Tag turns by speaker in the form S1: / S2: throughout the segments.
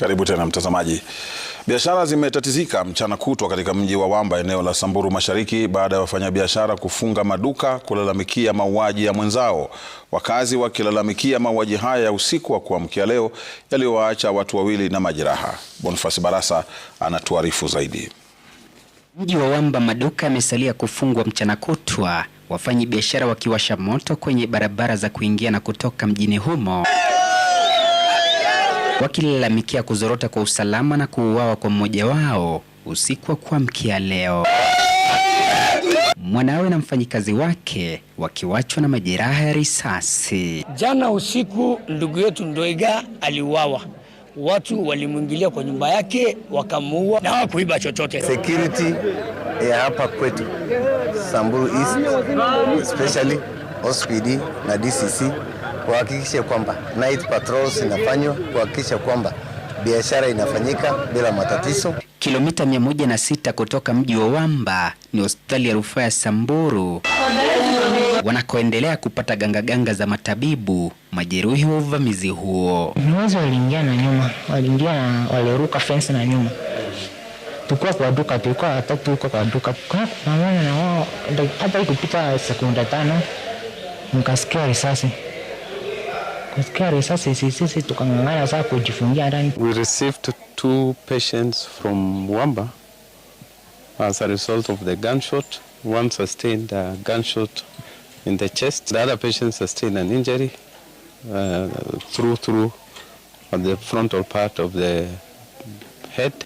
S1: Karibu tena mtazamaji. Biashara zimetatizika mchana kutwa katika mji wa Wamba eneo la Samburu Mashariki baada ya wafanyabiashara kufunga maduka kulalamikia mauaji ya mwenzao, wakazi wakilalamikia mauaji haya ya usiku wa kuamkia leo yaliyowaacha watu wawili na majeraha. Bonifasi Barasa anatuarifu zaidi.
S2: Mji wa Wamba maduka yamesalia kufungwa mchana kutwa, wafanyi biashara wakiwasha moto kwenye barabara za kuingia na kutoka mjini humo wakilalamikia kuzorota kwa usalama na kuuawa kwa mmoja wao usiku wa kuamkia leo. Mwanawe na mfanyikazi wake wakiwachwa na majeraha ya risasi.
S3: Jana usiku, ndugu yetu Ndoiga aliuawa. Watu walimwingilia kwa nyumba yake wakamuua na wakuiba chochote.
S4: Security ya hapa kwetu Samburu East especially OSPD na DCC kuhakikisha kwamba night patrols inafanywa kuhakikisha kwamba biashara inafanyika bila matatizo.
S2: Kilomita 106 kutoka mji wa Wamba ni hospitali ya rufaa ya Samburu wanakoendelea kupata gangaganga ganga za matabibu majeruhi wa uvamizi huo.
S5: Mwanzo waliingia na nyuma, waliingia na waliruka fence na nyuma, tukua kwa duka, tukua watatu huko kwa duka, kwa maana na wao hata ikupita sekunda tano nikasikia risasi kusikia risasi sisi tukang'ang'ana saa kujifungia ndani.
S6: We received two patients from Wamba as a result of the gunshot. One sustained a gunshot in the chest. The other patient sustained an injury uh, through through at the frontal part of the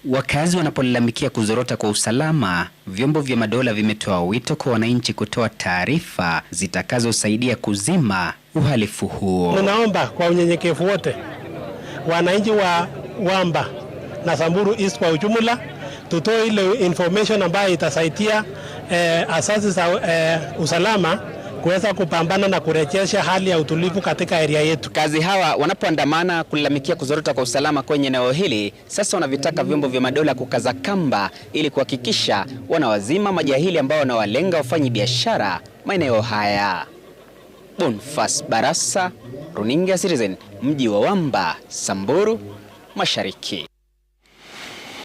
S2: Wakazi wanapolalamikia kuzorota kwa usalama, vyombo vya madola vimetoa wito kwa wananchi kutoa taarifa zitakazosaidia kuzima uhalifu huo.
S7: Tunaomba kwa unyenyekevu wote wananchi wa Wamba na Samburu East kwa ujumla tutoe ile information ambayo itasaidia eh, asasi za eh, usalama kuweza kupambana na kurejesha hali ya utulivu katika eria yetu.
S2: Kazi hawa wanapoandamana kulalamikia kuzorota kwa usalama kwenye eneo hili, sasa wanavitaka vyombo vya madola kukaza kamba ili kuhakikisha wanawazima majahili ambao wanawalenga wafanyi biashara maeneo haya. Bonfas Barasa, Runinga Citizen, mji wa Wamba, Samburu Mashariki.